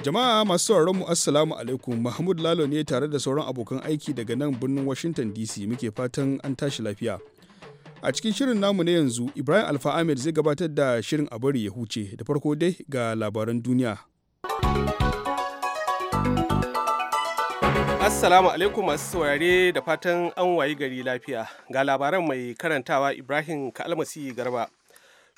Jama'a masu sauraron mu Assalamu alaikum Mahmud Lalo ne tare da sauran abokan aiki daga nan birnin Washington DC muke fatan an tashi lafiya. A cikin shirin namu na yanzu Ibrahim Alfa Ahmed zai gabatar da shirin a bari ya huce da farko dai ga labaran duniya. Assalamu alaikum masu saurare da fatan an wayi gari lafiya ga labaran mai karantawa Ibrahim Kalmasi Garba.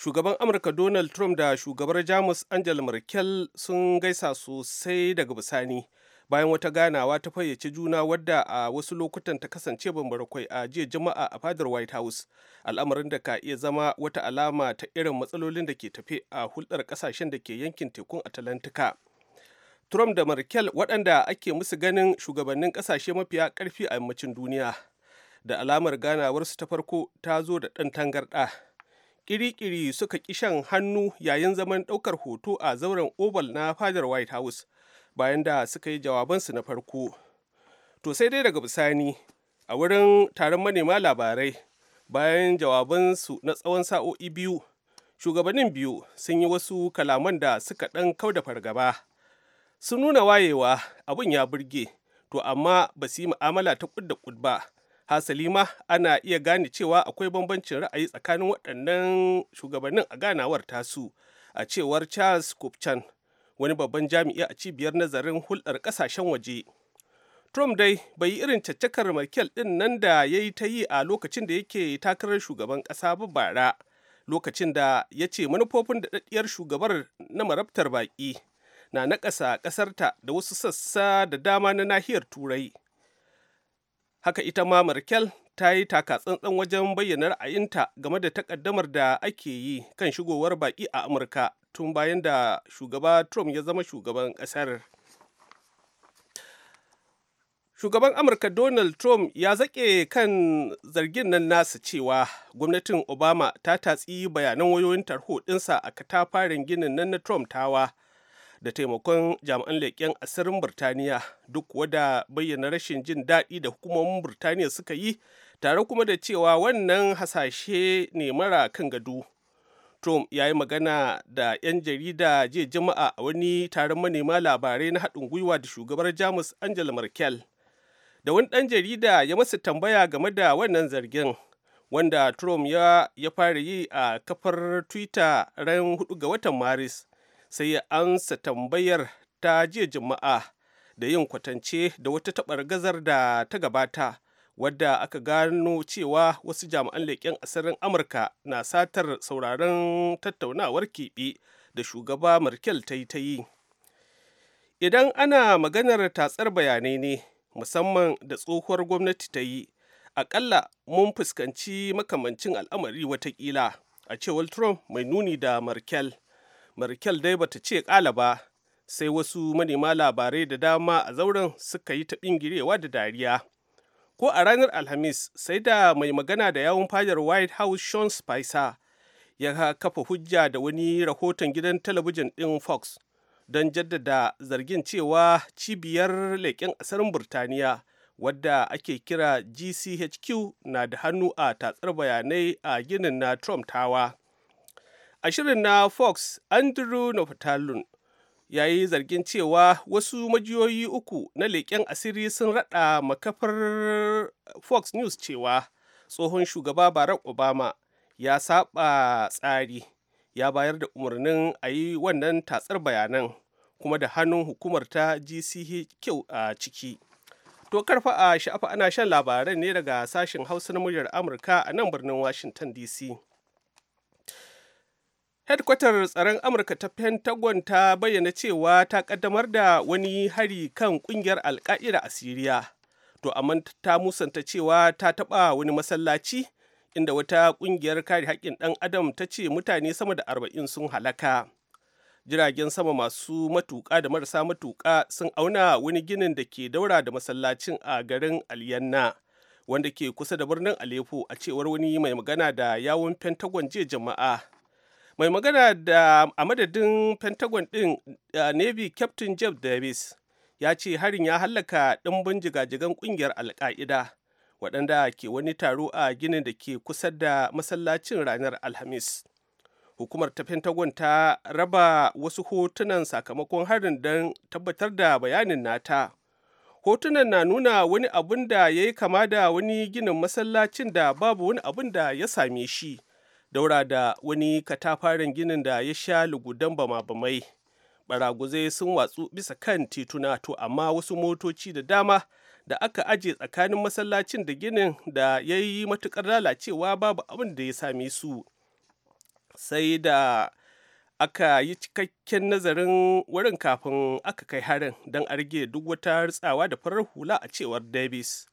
shugaban amurka donald trump da shugabar jamus angel merkel sun gaisa sosai daga bisani bayan wata ganawa ta fayyace juna wadda a wasu lokutan ta kasance bambarakwai a jiya jama'a a fadar white house al'amarin da ka iya zama wata alama ta irin matsalolin da ke tafe a hulɗar ƙasashen da ke yankin tekun atalantika trump da merkel waɗanda ake musu ganin shugabannin ƙasashe mafiya ƙarfi a yammacin duniya da alamar ganawarsu ta farko ta zo da ɗan tangarɗa kirikiri suka ƙi shan hannu yayin zaman ɗaukar hoto a zauren oval na fadar white house bayan da suka yi jawabansu na farko to sai dai daga bisani a wurin taron manema labarai bayan jawabansu na tsawon sa'o'i biyu shugabannin biyu sun yi wasu kalaman da suka ɗan kau da fargaba sun nuna wayewa abin ya burge to amma ba su yi mu'amala ta ƙud da ƙud ba a salima ana iya gane cewa akwai bambancin ra'ayi tsakanin waɗannan shugabannin a ganawar tasu a cewar charles kupchan wani babban jami'i a cibiyar nazarin hulɗar ƙasashen waje trump dai bai yi irin caccakar merkel ɗin nan da ya yi ta yi a lokacin da yake takarar shugaban ƙasa ba bara lokacin da ya ce manufofin daɗaɗɗiyar shugabar na marabtar baƙi na naƙasa ƙasarta da wasu sassa da dama na nahiyar turai haka ita ma merkel ta yi takatsantsan wajen bayyana ra'ayinta game da takaddamar da ake yi kan shigowar baki a amurka tun bayan da shugaba trump ya zama shugaban kasar shugaban amurka donald trump ya zaƙe kan zargin nan nasa cewa gwamnatin obama ta tatsi bayanan wayoyin tarho ɗinsa a katafaren ginin nan na trump tawa da taimakon jami'an leƙen asirin Burtaniya duk wada bayyana rashin jin daɗi da hukumomin Burtaniya suka yi tare kuma da cewa wannan hasashe ne mara kan gado. Trump ya yi magana da 'yan jarida jiya jama'a a wani taron manema labarai na haɗin gwiwa da shugabar Jamus Angela Merkel. Da wani ɗan jarida ya masa tambaya game da wannan zargin. wanda Trump ya, ya fara yi a kafar Twitter ran 4 ga watan Maris sai ya ansa tambayar ta jiya juma'a da yin kwatance da wata tabar gazar da ta gabata wadda aka gano cewa wasu jami'an leƙen asirin amurka na satar sauraron tattaunawar keɓe da shugaba markel ta yi ta yi idan ana maganar tatsar bayanai ne musamman da tsohuwar gwamnati ta yi aƙalla mun fuskanci makamancin al'amari watakila a cewar trump mai nuni da merkel Markel dai bata ce ƙala ba, sai wasu manema labarai da dama a zauren suka yi ta bingirewa da dariya. Ko a ranar Alhamis, sai da mai magana da yawon fadar White House Sean Spicer ya kafa hujja da wani rahoton gidan talabijin ɗin Fox don jaddada zargin cewa cibiyar leƙen asarin Burtaniya wadda ake kira GCHQ na da hannu a tatsar bayanai a ginin na Trump Tower. a shirin na fox andrew nafatalun ya yi zargin cewa wasu majiyoyi uku na leƙen asiri sun raɗa makafar fox news cewa tsohon shugaba barack obama ya saba tsari ya bayar da umarnin a yi wannan tatsar bayanan kuma da hannun hukumar ta gch kyau a ciki to karfa a sha'afa ana shan labaran ne daga sashen hausa na muryar amurka a nan birnin washington dc Hedkwatar tsaron Amurka ta Pentagon ta bayyana cewa ta kaddamar da wani hari kan kungiyar Alka'ida a Siriya. To amma ta musanta cewa ta taɓa wani masallaci inda wata kungiyar kare haƙƙin ɗan adam ta ce mutane sama da arba'in sun halaka. Jiragen sama masu matuƙa da marasa matuƙa sun auna wani ginin da ke daura da masallacin a garin Alyanna. wanda ke kusa da birnin Aleppo a cewar wani mai magana da yawon Pentagon jiya jama'a. mai magana da a madadin pentagon din eh, navy captain jeff davis ya ce harin ya hallaka ɗimbin jigajigan ƙungiyar alka'ida waɗanda ke wani taro a ginin da ke kusa da masallacin ranar alhamis hukumar ta pentagon ta raba wasu hotunan sakamakon harin don tabbatar da bayanin nata hotunan na nuna wani abun da ya yi kama da wani ginin masallacin da babu wani abun da ya same shi daura da wani katafaren ginin da ya sha lugudan bama-bamai baraguze sun watsu bisa kan tituna to amma wasu motoci da dama da aka aje tsakanin masallacin da ginin da ya yi matukar lalacewa babu abin da ya same su sai da aka yi cikakken nazarin wurin kafin aka kai harin don arge duk wata ritsawa da farar hula a cewar davis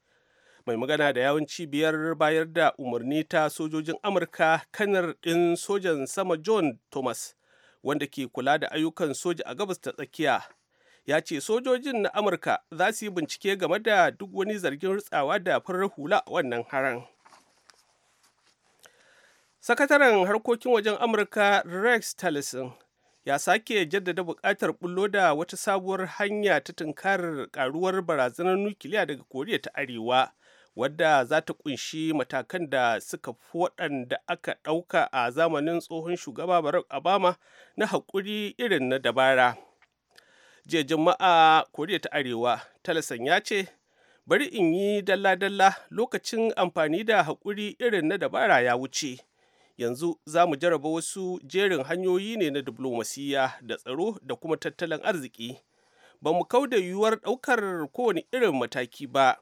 mai magana da yawun cibiyar bayar da umarni ta sojojin amurka kanar ɗin sojan sama john thomas wanda ke kula da ayyukan soja a gabas ta tsakiya ya ce sojojin na amurka za su yi bincike game da duk wani zargin rutsawa da farar hula a wannan haran sakataren harkokin wajen amurka rex tillerson ya sake jaddada buƙatar bullo da wata sabuwar hanya ta tunkarar karuwar barazanar nukiliya daga koriya ta arewa wadda za ta kunshi matakan da suka fi waɗanda aka ɗauka a zamanin tsohon shugaba barack obama na haƙuri irin na dabara jiya jama'a koriya ta arewa talasan ya ce bari in yi dalla-dalla lokacin amfani da haƙuri irin na dabara ya wuce yanzu za mu jaraba wasu jerin hanyoyi ne na diplomasiya da tsaro da kuma tattalin arziki ba mu kau da yiwuwar ɗaukar kowane irin mataki ba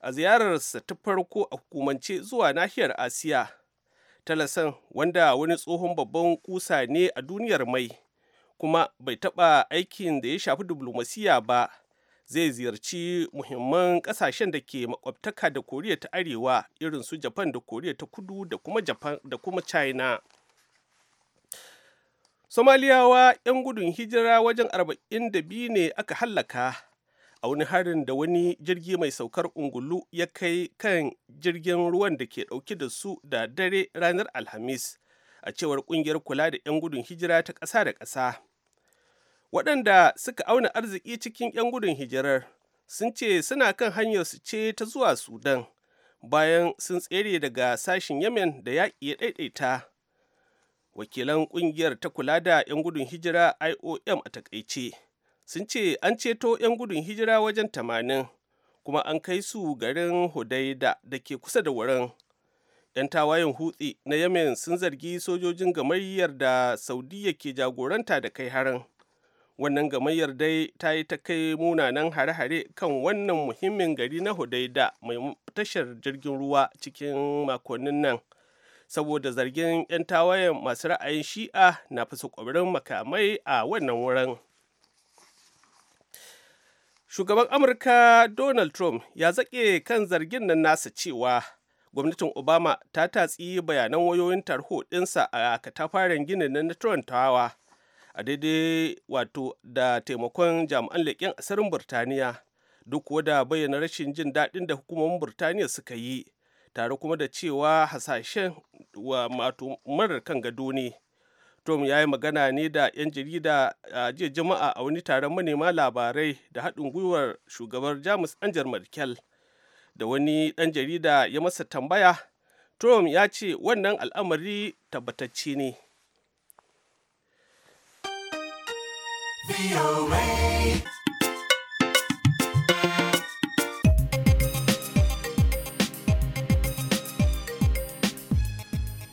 a ziyararsa ta farko a hukumance zuwa nahiyar asiya talasan wanda wani tsohon babban kusa ne a duniyar mai kuma bai taɓa aikin da ya shafi diplomasiya ba zai ziyarci muhimman ƙasashen da ke makwabtaka da koriya ta arewa irin su japan da koriya ta kudu da kuma japan da kuma china somaliyawa 'yan gudun hijira wajen arba'in da biyu ne aka hallaka a wani harin da wani jirgi mai saukar ungulu ya kai kan jirgin ruwan da ke dauke da su da dare ranar alhamis a cewar kungiyar kula da 'yan gudun hijira ta ƙasa da ƙasa waɗanda suka auna arziki cikin 'yan gudun hijirar sun ce suna kan hanyar su ce ta zuwa sudan bayan sun tsere daga sashen yemen da yaƙi ya ɗaiɗaita wakilan ƙungiyar ta kula da 'yan gudun hijira iom a takaice sun ce an ceto 'yan gudun hijira wajen tamanin kuma an kai su garin hudaida da ke kusa da wurin 'yan tawayen hutsi na yemen sun zargi sojojin gamayyar da saudiya ke jagoranta da kai harin wannan gamayyar dai ta yi ta kai munanan hare-hare kan wannan muhimmin gari na hudaida mai tashar jirgin ruwa cikin makonnin nan saboda zargin 'yan tawayen masu ra'ayin shi'a na fasa makamai a wannan wurin. shugaban amurka donald trump ya zaƙe kan zargin nan nasa cewa gwamnatin obama ta tatsi bayanan wayoyin tarho ɗinsa a katafaren ginin na trump tawa a daidai wato da taimakon jami'an leƙen asirin burtaniya duk kuwa da bayyana rashin jin daɗin da hukumomin burtaniya suka yi tare kuma da cewa hasashen wa marar kan gado ne Trump ya yi magana ne da 'yan jarida a jiya Juma'a a wani taron manema labarai da haɗin gwiwar shugabar Jamus anjar Merkel. Da wani ɗan jarida ya masa tambaya, Trump ya ce wannan al'amari tabbatacce ne.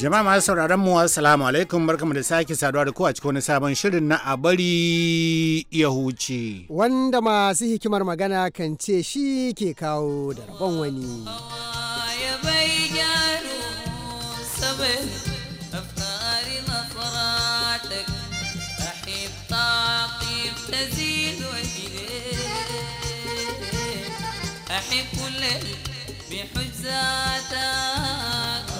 Jama'a masu sauraron mu assalamu alaikum barkamu da sake saduwa da ku a cikin wani sabon shirin na a bari ya huce. Wanda masu hikimar magana kan ce shi ke kawo da rabon wani. أحب الليل بحجزاتك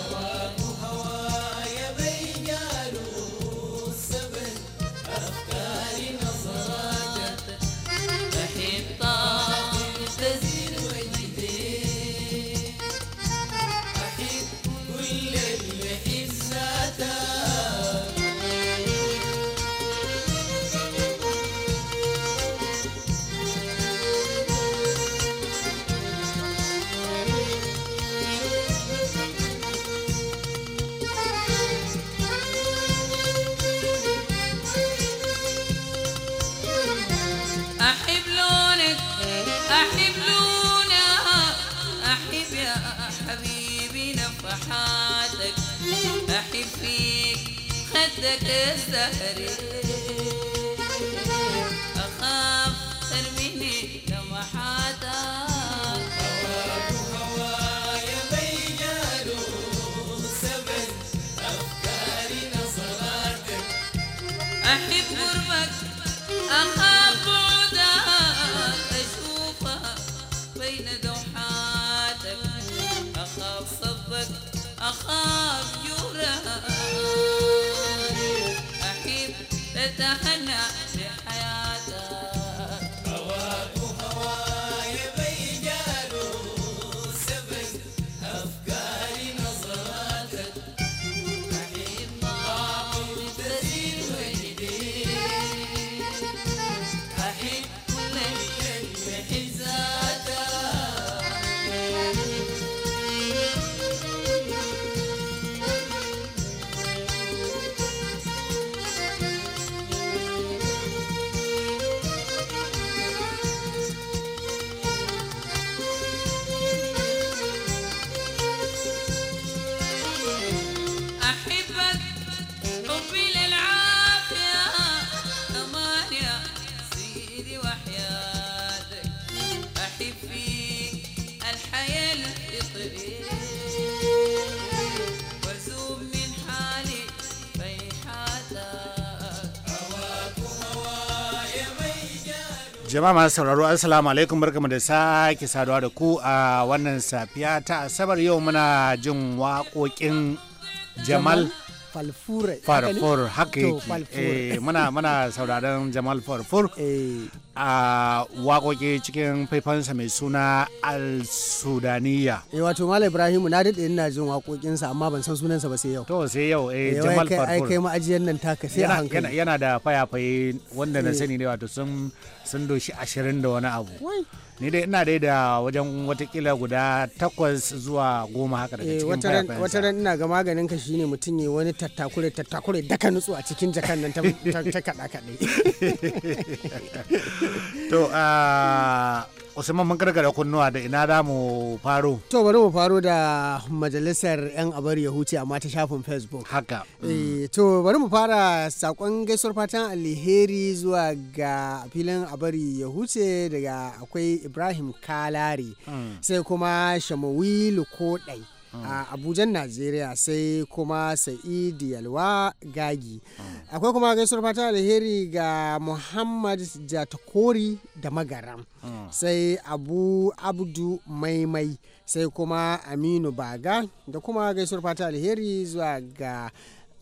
de que تهنأ jama'a masu sauraro assalamu alaikum barkamu da sake saduwa da ku a wannan safiya ta asabar yau muna jin waƙoƙin jamal farfur haka yake eh, muna sauraron jamal farfur eh. a waƙoƙi cikin faifansa mai suna al-sudaniya e wato mal ibrahimu na daɗe ina jin waƙoƙinsa amma ban san sunansa ba sai yau to sai yau eh, eh jamal farfur ai kai ma'ajiyar nan taka sai hankali yana da fayafaye wanda na eh. sani ne wato sun sun doshi ashirin da wani abu ni dai ina dai da wajen watakila guda takwas zuwa goma haka daga eh, cikin sa wata ran ina ga maganin ka shine mutum ne wani tattakure tattakure daka nutsu a cikin jakan nan ta kaɗa kaɗai to ah, Usman mun karkara kunnuwa da ina da mu faro. To bari mu faro da majalisar 'yan abar Yahuci amma ta shafin Facebook. Haka. Eh, mm. To bari mu fara sakon gaisuwar fatan alheri zuwa ga filin abari Yahuce daga akwai Ibrahim Kalari. Mm. Sai kuma Shamawi Lukodai. a abujan najeriya sai kuma sa'id yalwa gagi akwai kuma gaisuwar fata alheri ga muhammad jatakori da magaram sai abu abdu maimai sai kuma aminu baga da kuma gaisuwar fata alheri zuwa ga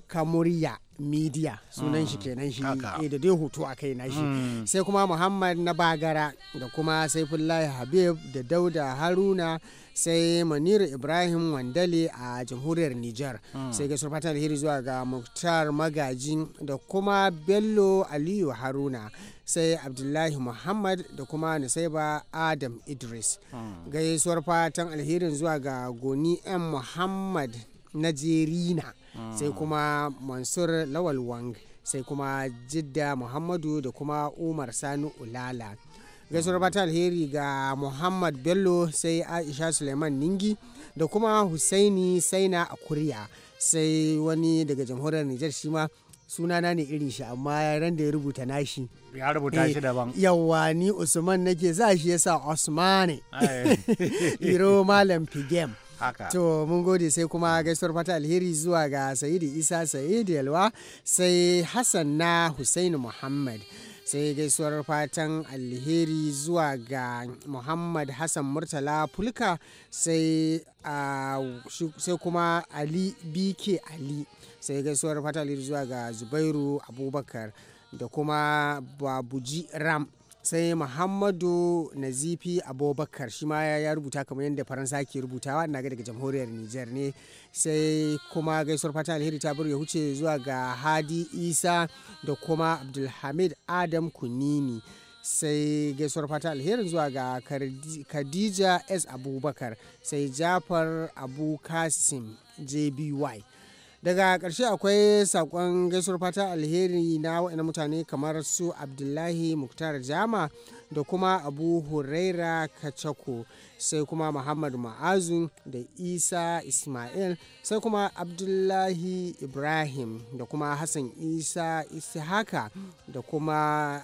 kamuriya media sunan shi mm. kenan shi eh da dai hoto a kai na shi mm. sai kuma muhammad na bagara da kuma saifullahi habib da dauda haruna sai manir ibrahim wandale a jamhuriyar niger mm. sai ga fatan alheri zuwa ga muktar magajin da kuma bello aliyu haruna sai abdullahi muhammad da kuma nusaiba adam idris gaisuwar fatan alherin zuwa ga goni m muhammad najerina sai kuma mansur lawal wang sai kuma jidda muhammadu da kuma umar sani ulala gaisuwar bata alheri ga muhammad bello sai aisha suleiman ningi da kuma husaini saina a kuriya sai wani daga jamhuriyar nijar shi ma sunana ne irin shi amma ran da ya rubuta nashi ya rubuta shi eh, daban yawa ni usman nake za shi yasa osmane iro malam pigem haka to mun gode sai kuma gaisuwar fata alheri zuwa ga sayidi isa sayidi yalwa sai hassan na husaini muhammad sai gaisuwar fatan alheri zuwa ga muhammad hassan murtala fulka sai kuma ali bk ali sai gaisuwar fatan alheri zuwa ga zubairu abubakar da kuma babuji ram sai muhammadu nazifi abubakar shi ma ya rubuta kamar yadda faransa ke rubutawa na ga daga jamhuriyar niger ne sai kuma gaisuwar fata alheri ta ya huce zuwa ga hadi isa da kuma abdulhamid adam kunini sai gaisuwar fata alherin zuwa ga khadija s abubakar sai jafar abu kasim jby daga ƙarshe akwai saƙon gaisuwar fata alheri na waɗannan mutane kamar su abdullahi muktar jama da kuma abu huraira kachako sai kuma muhammad ma'azu da isa ismail sai kuma abdullahi ibrahim da kuma hassan isa ishaka da kuma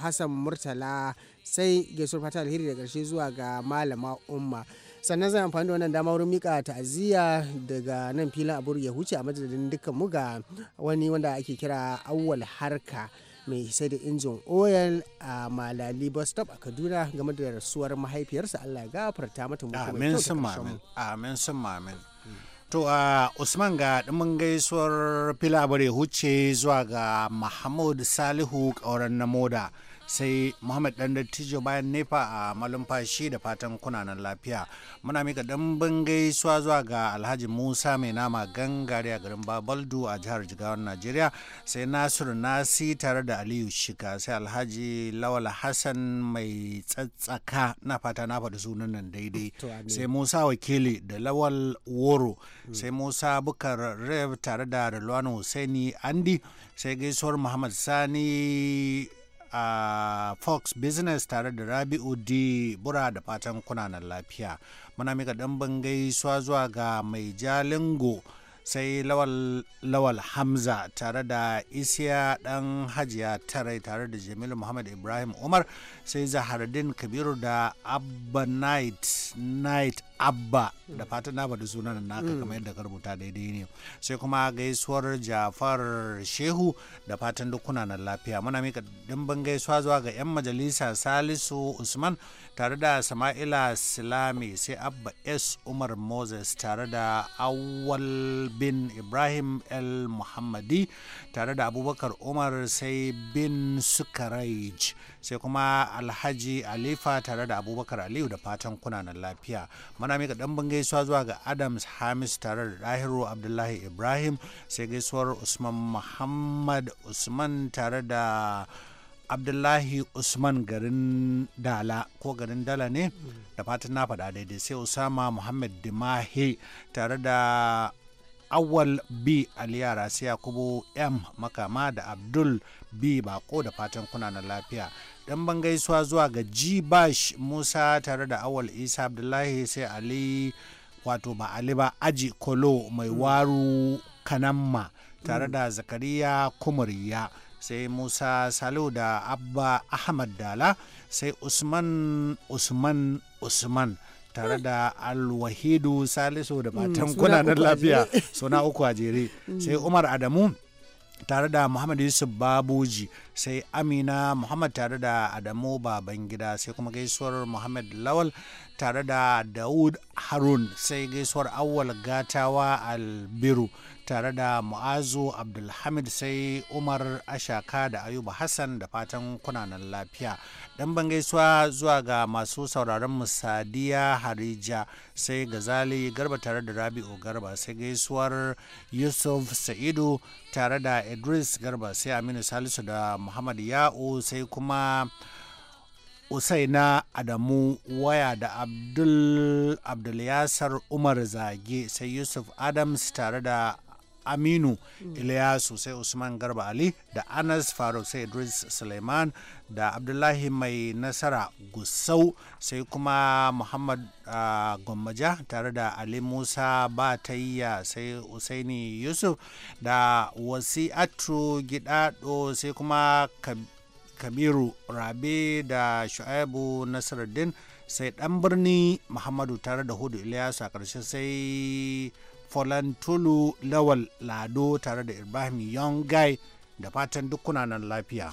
hassan murtala sai gaisuwar fata alheri da karshe zuwa ga malama umma sannan zan amfani da wannan dama wurin mika ta'aziyya daga nan filin abu ya huce a madadin dukkan mu ga wani wanda ake kira awwal harka mai sai da injin oil a malali bus stop a kaduna game da rasuwar mahaifiyarsa allah ya gafarta mata mutum mai kyau ta amin to a usman ga dimin gaisuwar filabar ya huce zuwa ga mahmud salihu kauran na moda sai muhammad dan dattijo bayan nefa a malumfashi da fatan kunanan lafiya muna mika ɗanbin gaisuwa zuwa ga alhaji musa mai nama gangare a garin babaldu a jihar jigawar najeriya sai nasiru nasi tare da aliyu shika sai alhaji lawal hassan mai tsatsaka na fata na faɗi sunan nan daidai sai musa wakili da lawal woro hmm. sai musa bukar rev tare da rilwano husaini andi sai gaisuwar muhammad sani a fox business tare da rabi'u d bura da fatan kunanan lafiya muna mika ɗan suwa zuwa ga mai jalingo sai lawal, lawal hamza tare da isiya dan hajiya tarai tare da jamilu muhammad ibrahim umar sai zahardin kabiru da abba night night abba da hmm. fatan na faɗi sunan naka hmm. kamar yadda ka rubuta daidai ne sai kuma gaisuwar jafar shehu da fatan duk kuna nan lafiya muna mika dimbin gaisuwa zuwa ga 'yan majalisa salisu usman tare da sama'ila silami sai abba s umar moses tare da awal bin ibrahim el muhammadi tare da abubakar umar sai bin sukaraj sai kuma alhaji alifa tare da abubakar aliyu da fatan kuna nan lafiya muna mika ban gaisuwa zuwa ga adams hamis tare da dahiru abdullahi ibrahim sai gaisuwar usman muhammad usman tare da abdullahi usman garin dala ko garin dala ne da fatan na faɗa daidai sai usama muhammad dimahi tare da awal b aliyara sai yakubu m makama da abdul b bako da fatan kuna na lafiya dan ban gaisuwa zuwa ga G Bash Musa tare da Awal Isa Abdullahi sai Ali wato ba Ali ba Aji Kolo mai mm. waru Kanamma tare mm. da Zakariya Kumuriya sai Musa Salo da Abba Ahmad Dala sai Usman Usman Usman tare da Alwahidu Salisu da mm, matan kuna na lafiya suna uku a jere sai Umar Adamu tare da Muhammad Yusuf Babuji sai Amina Muhammad tare da Adamu Babangida sai kuma gaisuwar Muhammad Lawal tare da Daud Harun sai gaisuwar awwal Gatawa Albiru tare da mu'azu abdulhamid sai umar ashaka da ayuba hassan da fatan kunanan lafiya dan ban gaisuwa zuwa ga masu sauraron musadiya harija sai gazali garba tare da rabi'u garba sai gaisuwar yusuf sa'idu tare da idris garba sai aminu salisu da muhammad ya'u sai kuma usaina adamu waya da abdul yasar umar zage sai yusuf adams tare da aminu ilyasu sai usman garba ali da anas faruk sai idris suleiman da abdullahi mai nasara gusau sai kuma muhammad uh, ah, gwammaja tare da ali musa batayya sai usaini yusuf da wasi'atu gidado sai kuma kabiru rabe da shu'aibu nasiruddin sai dan birni muhammadu tare da hudu ilyasu a ƙarshe sai folantulu lawal lado tare da ibrahim young guy da fatan duk nan lafiya.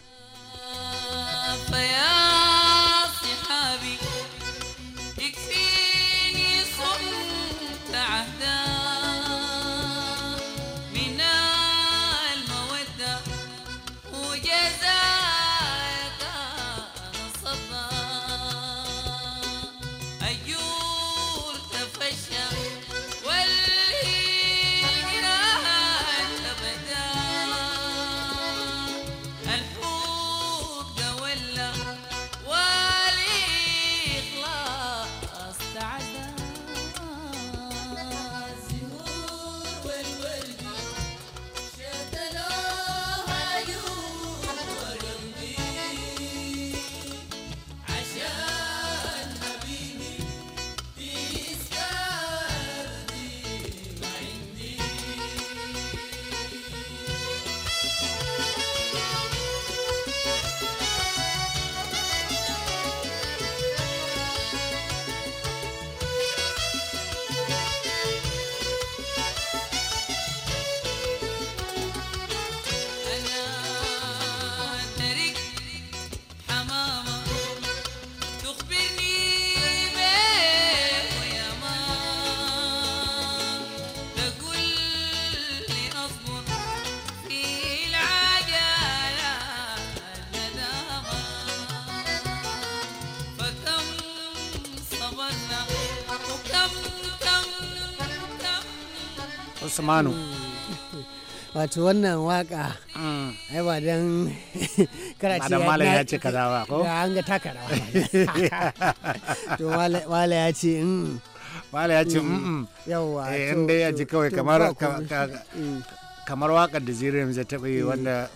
usmanu mm. wato wannan waka mm. ai ba don karaci ya ce kaza ba ko da an ga takara to wala ya ce wala mm. ya ce yawwa eh, in dai ya ji kawai kamar kamar wakar da zirin zai taɓa yi eh, wanda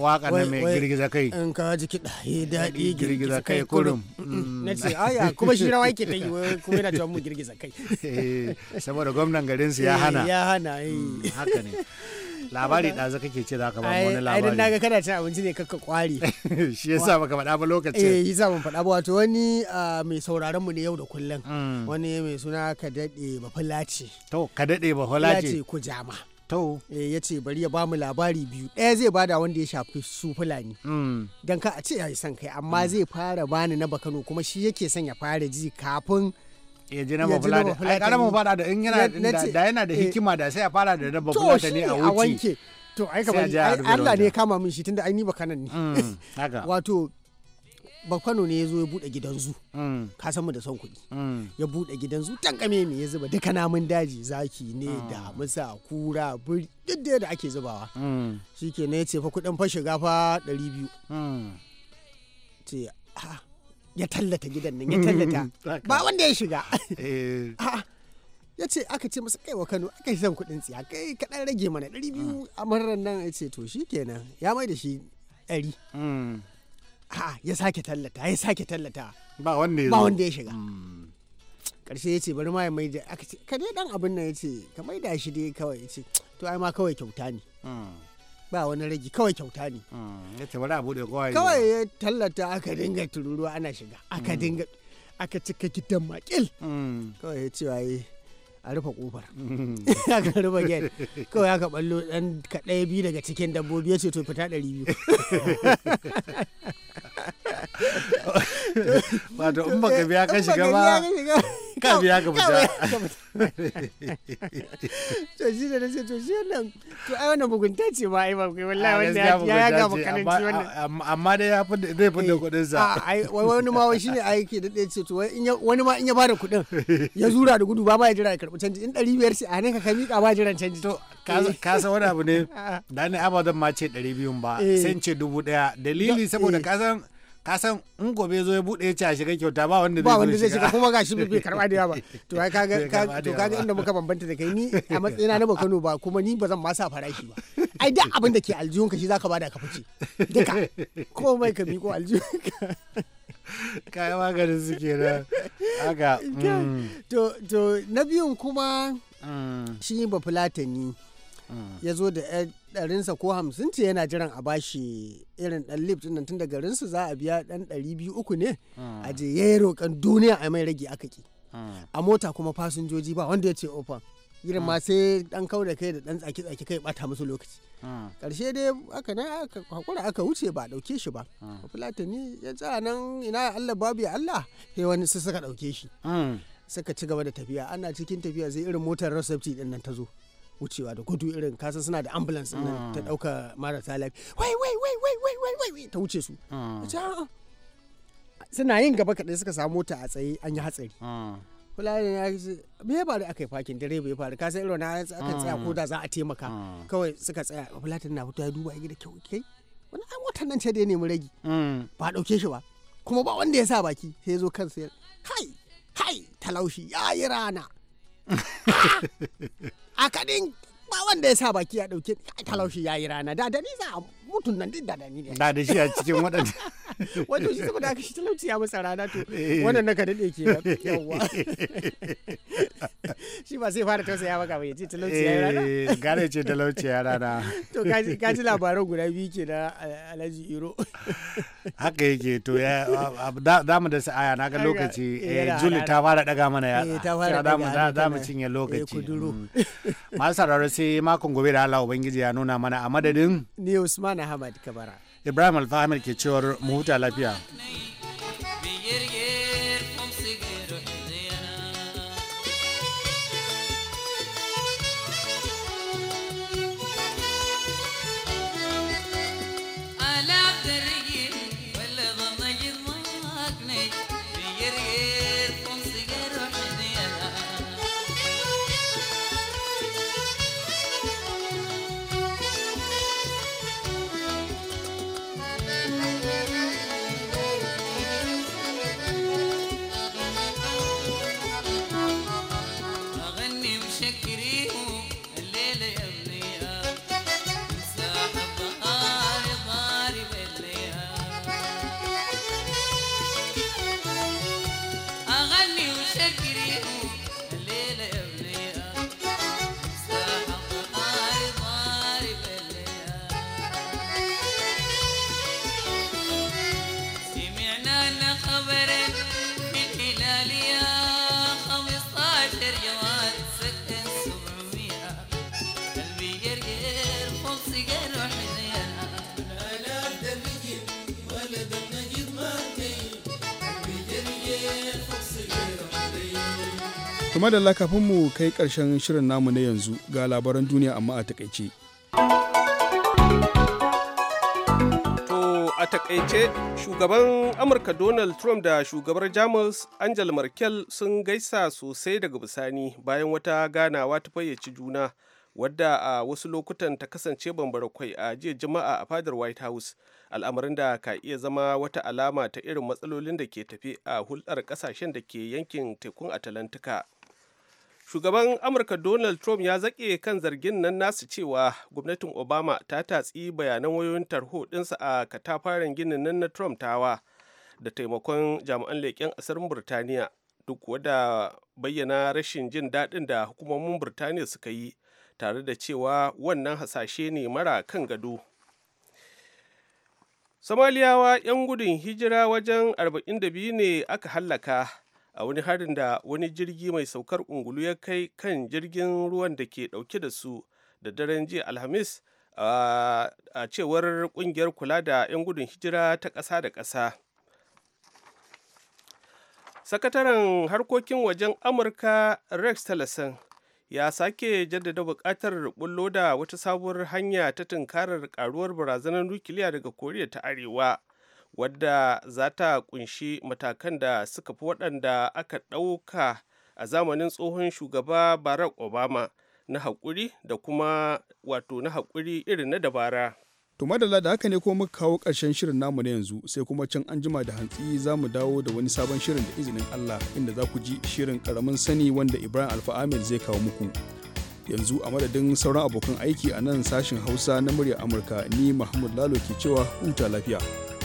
wakar eh, na mai girgiza kai in ka ji kiɗa ya daɗi eh, girgiza kai kurum mm, mm, mm. na ce aya kuma shi rawa yake ta yi kuma yana cewa mu girgiza kai saboda gwamnan garinsu ya hana ya hana haka ne labari da za kake ce za ka ba wani labari ai na kana cin abinci ne kakka kwari shi yasa baka faɗa ba lokacin eh yasa ban faɗa ba wato wani ah, mai sauraron mu ne yau da kullun wani mai suna ka dade bafulaci to ka dade Falace ku jama to eh, ya ce bari ya bamu labari biyu ɗaya zai bada wanda ya shafi su fulani mm. don ka a ce ya yi son kai amma mm. zai fara bani na bakano kuma shi yake son ya fara ji kafin ya ji na mafulata ai karamin fada da in yana da yana da eh. hikima da sai ya fara da na mafulata ne a wuce to ai kamar Allah ne ya kama min shi tunda ai ni bakanan ne mm, wato bakwano ne ya zo ya bude gidan zu mm. ka san mu da son kuɗi mm. ya bude gidan zu tankame me ya zuba duka namun daji zaki ne mm. da musa kura buri duk da ake zubawa ke na ya ce fa kuɗin fa shiga fa ɗari biyu. ya tallata gidan nan ya tallata ba wanda ya shiga eh. ya ce aka ce masa kaiwa kano aka yi son kuɗin tsiya kai kaɗan rage mana ɗari biyu a marar nan ya ce to shi kenan ya mai da shi ɗari. ha ya sake tallata ya sake tallata ba wanda ya ba wanda ya shiga mm. karshe ya ce bari ma ya mai da aka ce ka dai dan abin nan ya ce ka mai da shi dai kawai ya ce to ai ma kawai kyauta ne mm. ba wani ragi kawai kyauta ne mm. ya ce bari abu da kawai kawai ya tallata aka dinga tururuwa ana shiga aka dinga aka cika gidan makil kawai ya ce waye a rufe kofar aka rufe gate kawai aka ballo dan kaɗaya biyu daga cikin dabbobi ya ce to fita ɗari biyu wato in baka biya ka shiga ba ka biya ka to shi da nace to shi wannan to ai wannan mugunta ce ba ai ba kai wallahi wannan ya ga makaranci wannan amma dai ya fada zai fada eh, kuɗin sa ai wani ma wai shine ai ke da ɗaya ce to wani ma in ya bada kuɗin ya zura da gudu ba ba ya jira ya karɓi canji in ɗari biyar ce a ne ka miƙa ba jiran canji to ka san wani abu ne da ni abadan ma ce ɗari biyun ba eh. sai ce dubu ɗaya dalili saboda eh. ka san ka san in gobe zo ya bude ya ce a shiga kyauta ba wanda zai ba wanda zai shiga kuma gashi bai karba da yawa to ai kaga to kaga inda muka bambanta da kai ni a matsayina na Kano ba kuma ni ba zan ma sa farashi ba ai duk abin da ke ka shi zaka bada ka fice duka komai ka miko ka. kayan maganin su na haka mm. to to na biyun kuma mm. shi ba fulatani mm. ya zo da ɗarinsa ko hamsin ce yana jiran a bashi irin ɗan lift ɗin tun da garinsu za a biya ɗan ɗari biyu uku ne hmm. a je ya yi roƙon duniya a mai rage aka ki hmm. a mota kuma fasinjoji ba wanda ya ce ofa irin ma hmm. sai ɗan kau da kai da ɗan tsaki tsaki kai ɓata musu lokaci ƙarshe dai aka na hakura aka wuce ba ɗauke shi ba fulatani ya tsaya nan ina allah babu ya allah sai wani su suka ɗauke shi suka ci gaba da tafiya ana cikin tafiya sai irin motar rosafti ɗin nan ta zo wucewa da gudu irin kasan suna da ambulance nan mm. ta dauka marasa lafiya wai wai wai wai wai wai wai ta wuce su mm. suna yin gaba kaɗai suka samu mota a tsaye an yi hatsari mm. fulani ya ce me ya faru aka yi fakin dare bai faru kasan irin na aka tsaya ko da za a taimaka kawai suka tsaya fulatin na fito ya duba ya gida kyau kai wani an wata nan ce da ya nemi ragi ba a ɗauke shi ba kuma ba wanda ya sa baki sai ya zo kansa hai hai talaushi ya yi rana ah! a kaɗin ba wanda ya sa baki ya ɗauke talaushi ya yi rana da da ni za a mutum nan duk da da ni ne Na da shi a cikin waɗanda wato shi saboda aka shi talauci ya masa rana to eh. wannan na naka daɗe ke yawwa shi ba sai fara tausaya maka ba ya ce talauci ya rana eh, gane ce talauci ya rana to ka ji labaran guda biyu ke na alhaji iro haka yake to ya da mu da sa'aya na ga lokaci eh, juli ta fara daga mana ya ta fara daga da mu cinye lokaci mm. masu sauraro sai makon gobe da Allah ubangiji ya nuna mana a madadin ni Usman Usman Ahmad Kabara. Ibrahim Alfa ke cewar mu huta lafiya. chicken. kuma da kafin mu kai karshen shirin namu na yanzu ga labaran duniya amma a takaice to a takaice shugaban amurka donald trump da shugabar jamus angela merkel sun gaisa sosai daga bisani bayan wata ganawa ta fayyace juna wadda a wasu lokutan ta kasance bambara a jiya jama'a a fadar white house al'amarin da ka iya zama wata alama ta irin matsalolin da ke tafi a hulɗar ƙasashen da ke yankin tekun atalantika shugaban amurka donald trump ya zaƙe kan zargin nan nasu cewa gwamnatin obama ta tatsi bayanan wayoyin tarho ɗinsa a katafaren ginin nan na trump tawa da taimakon jami'an leƙen asirin burtaniya duk wada bayyana rashin jin daɗin da hukumomin burtaniya suka yi tare da cewa wannan hasashe ne mara kan gado somaliyawa 'yan gudun hijira wajen 42 ne aka hallaka a wani harin da wani jirgi mai saukar ungulu ya kai kan jirgin ruwan da ke dauke da su da daren jiya alhamis a cewar kungiyar kula da 'yan gudun hijira ta kasa da kasa. sakataren harkokin wajen amurka rex tillerson ya sake jaddada bukatar bullo da wata sabuwar hanya ta tunkarar karuwar barazanar nukiliya daga koriya ta arewa wadda za ta kunshi matakan da suka fi waɗanda aka ɗauka a zamanin tsohon shugaba barack obama na haƙuri da kuma wato na haƙuri irin na dabara to madalla da haka ne ko muka kawo ƙarshen shirin namu na yanzu sai kuma can an jima da hantsi za mu dawo da wani sabon shirin da izinin allah inda za ku ji shirin ƙaramin sani wanda ibrahim alfa zai kawo muku yanzu a madadin sauran abokan aiki a nan sashin hausa na murya amurka ni mahmud lalo ke cewa huta lafiya